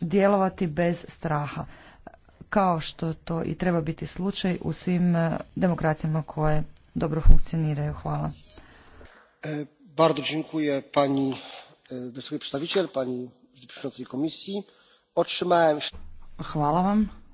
djelovati bez straha, kao što to i treba biti slučaj u svim e, demokracijama koje dobro funkcioniraju. Hvala. E, bardzo dziękuję pani e, wysoki przedstawiciel, pani komisji. Otrzymałem... Hvala vam.